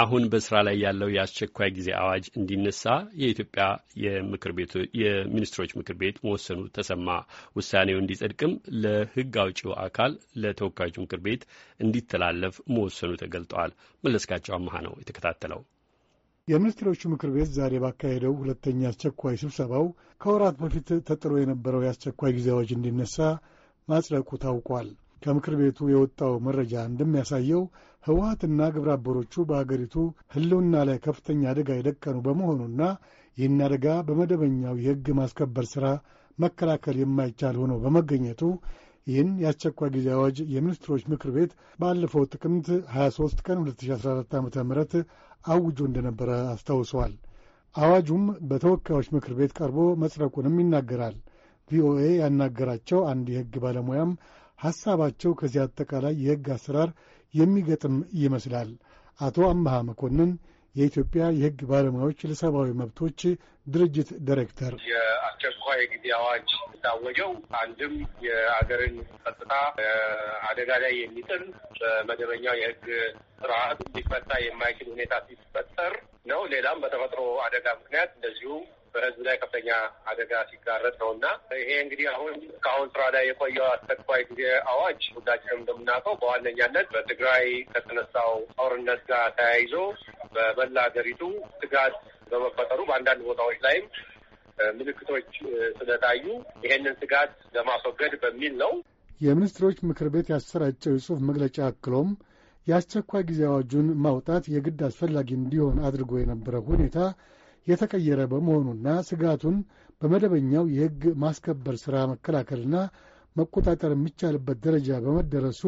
አሁን በስራ ላይ ያለው የአስቸኳይ ጊዜ አዋጅ እንዲነሳ የኢትዮጵያ የምክር ቤቱ የሚኒስትሮች ምክር ቤት መወሰኑ ተሰማ። ውሳኔው እንዲጸድቅም ለሕግ አውጪው አካል ለተወካዮች ምክር ቤት እንዲተላለፍ መወሰኑ ተገልጠዋል። መለስካቸው አመሃ ነው የተከታተለው። የሚኒስትሮቹ ምክር ቤት ዛሬ ባካሄደው ሁለተኛ አስቸኳይ ስብሰባው ከወራት በፊት ተጥሎ የነበረው የአስቸኳይ ጊዜ አዋጅ እንዲነሳ ማጽደቁ ታውቋል። ከምክር ቤቱ የወጣው መረጃ እንደሚያሳየው ህወሀትና ግብረ አበሮቹ በአገሪቱ ህልውና ላይ ከፍተኛ አደጋ የደቀኑ በመሆኑና ይህን አደጋ በመደበኛው የሕግ ማስከበር ሥራ መከላከል የማይቻል ሆኖ በመገኘቱ ይህን የአስቸኳይ ጊዜ አዋጅ የሚኒስትሮች ምክር ቤት ባለፈው ጥቅምት 23 ቀን 2014 ዓ ም አውጆ እንደነበረ አስታውሰዋል። አዋጁም በተወካዮች ምክር ቤት ቀርቦ መጽረቁንም ይናገራል። ቪኦኤ ያናገራቸው አንድ የሕግ ባለሙያም ሐሳባቸው ከዚህ አጠቃላይ የሕግ አሰራር የሚገጥም ይመስላል። አቶ አምሃ መኮንን የኢትዮጵያ የሕግ ባለሙያዎች ለሰብአዊ መብቶች ድርጅት ዲሬክተር የአስቸኳይ ጊዜ አዋጅ የታወጀው አንድም የአገርን ጸጥታ አደጋ ላይ የሚጥል በመደበኛው የሕግ ስርዓት ሊፈታ የማይችል ሁኔታ ሲፈጠር ነው። ሌላም በተፈጥሮ አደጋ ምክንያት እንደዚሁ በህዝብ ላይ ከፍተኛ አደጋ ሲጋረጥ ነው እና ይሄ እንግዲህ አሁን እስካሁን ስራ ላይ የቆየው አስቸኳይ ጊዜ አዋጅ ሁላችንም እንደምናውቀው በዋነኛነት በትግራይ ከተነሳው ጦርነት ጋር ተያይዞ በመላ ሀገሪቱ ስጋት በመፈጠሩ በአንዳንድ ቦታዎች ላይም ምልክቶች ስለታዩ ይሄንን ስጋት ለማስወገድ በሚል ነው የሚኒስትሮች ምክር ቤት ያሰራጨው የጽሑፍ መግለጫ አክሎም የአስቸኳይ ጊዜ አዋጁን ማውጣት የግድ አስፈላጊ እንዲሆን አድርጎ የነበረ ሁኔታ የተቀየረ በመሆኑና ስጋቱን በመደበኛው የሕግ ማስከበር ሥራ መከላከልና መቆጣጠር የሚቻልበት ደረጃ በመደረሱ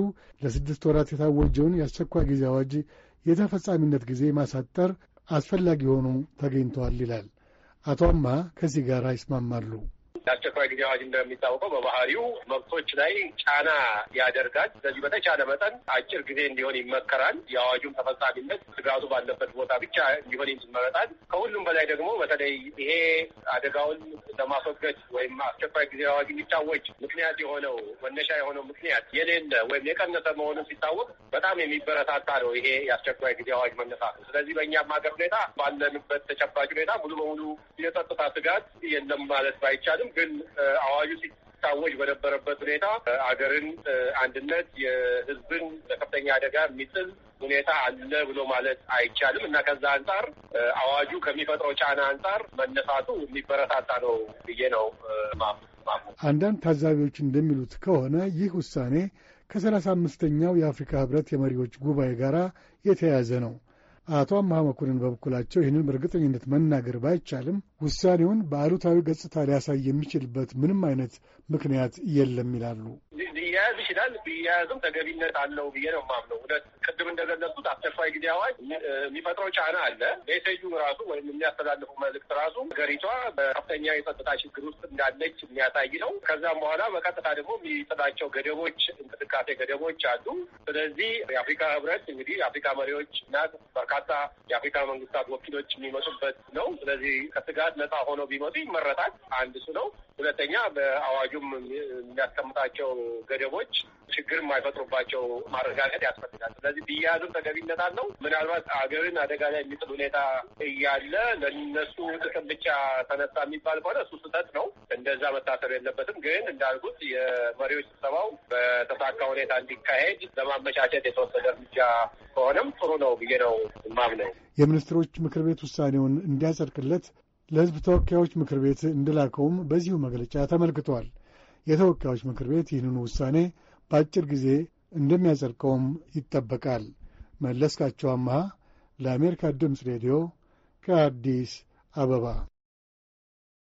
ለስድስት ወራት የታወጀውን የአስቸኳይ ጊዜ አዋጅ የተፈጻሚነት ጊዜ ማሳጠር አስፈላጊ ሆኖ ተገኝተዋል ይላል። አቶ አማ ከዚህ ጋር ይስማማሉ። የአስቸኳይ ጊዜ አዋጅ እንደሚታወቀው በባህሪው መብቶች ላይ ጫና ያደርጋል። ስለዚህ በተቻለ መጠን አጭር ጊዜ እንዲሆን ይመከራል። የአዋጁን ተፈጻሚነት ስጋቱ ባለበት ቦታ ብቻ እንዲሆን ይመረጣል። ከሁሉም በላይ ደግሞ በተለይ ይሄ አደጋውን ለማስወገድ ወይም አስቸኳይ ጊዜ አዋጅ እንዲታወጅ ምክንያት የሆነው መነሻ የሆነው ምክንያት የሌለ ወይም የቀነሰ መሆኑን ሲታወቅ በጣም የሚበረታታ ነው ይሄ የአስቸኳይ ጊዜ አዋጅ መነሳት። ስለዚህ በእኛም ሀገር ሁኔታ ባለንበት ተጨባጭ ሁኔታ ሙሉ በሙሉ የጸጥታ ስጋት የለም ማለት ባይቻልም ግን አዋጁ ሲታወጅ በነበረበት ሁኔታ አገርን አንድነት የህዝብን ለከፍተኛ አደጋ የሚጥል ሁኔታ አለ ብሎ ማለት አይቻልም እና ከዛ አንጻር አዋጁ ከሚፈጥረው ጫና አንጻር መነሳቱ የሚበረታታ ነው ብዬ ነው አንዳንድ ታዛቢዎች እንደሚሉት ከሆነ ይህ ውሳኔ ከሰላሳ አምስተኛው የአፍሪካ ህብረት የመሪዎች ጉባኤ ጋር የተያያዘ ነው። አቶ አምሃ መኮንን በበኩላቸው ይህንን በእርግጠኝነት መናገር ባይቻልም ውሳኔውን በአሉታዊ ገጽታ ሊያሳይ የሚችልበት ምንም አይነት ምክንያት የለም ይላሉ። ሊያያዝ ይችላል። ቢያያዝም ተገቢነት አለው ብዬ ነው የማምነው። እውነት ቅድም እንደገለጹት አስቸኳይ ጊዜ አዋጅ የሚፈጥረው ጫና አለ። ሜሴጁ ራሱ ወይም የሚያስተላልፉ መልእክት ራሱ ሀገሪቷ በከፍተኛ የጸጥታ ችግር ውስጥ እንዳለች የሚያሳይ ነው። ከዛም በኋላ በቀጥታ ደግሞ የሚጥላቸው ገደቦች፣ እንቅስቃሴ ገደቦች አሉ። ስለዚህ የአፍሪካ ህብረት እንግዲህ የአፍሪካ መሪዎች እና በርካታ የአፍሪካ መንግስታት ወኪሎች የሚመጡበት ነው። ስለዚህ ከስጋት ነጻ ሆነው ቢመጡ ይመረጣል። አንድ እሱ ነው። ሁለተኛ በአዋጁም የሚያስቀምጣቸው ገደ ገደቦች ችግር የማይፈጥሩባቸው ማረጋገጥ ያስፈልጋል። ስለዚህ ብያያዙ ተገቢነት አለው። ምናልባት አገርን አደጋ ላይ የሚጥል ሁኔታ እያለ ለነሱ ጥቅም ብቻ ተነሳ የሚባል ከሆነ እሱ ስህተት ነው። እንደዛ መታሰብ የለበትም። ግን እንዳልኩት የመሪዎች ስብሰባው በተሳካ ሁኔታ እንዲካሄድ ለማመቻቸት የተወሰደ እርምጃ ከሆነም ጥሩ ነው ብዬ ነው የማምነው። የሚኒስትሮች ምክር ቤት ውሳኔውን እንዲያጸድቅለት ለሕዝብ ተወካዮች ምክር ቤት እንደላከውም በዚሁ መግለጫ ተመልክቷል። የተወካዮች ምክር ቤት ይህንን ውሳኔ በአጭር ጊዜ እንደሚያጸድቀውም ይጠበቃል። መለስካቸው አምሃ ለአሜሪካ ድምፅ ሬዲዮ ከአዲስ አበባ